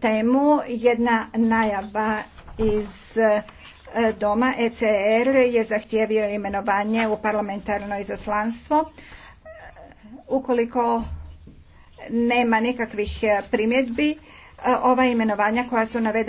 temu jedna najava iz e, doma ECR je zahtjevio imenovanje u parlamentarno izaslanstvo. E, ukoliko nema nikakvih e, primjedbi, ova imenovanja koja su navedena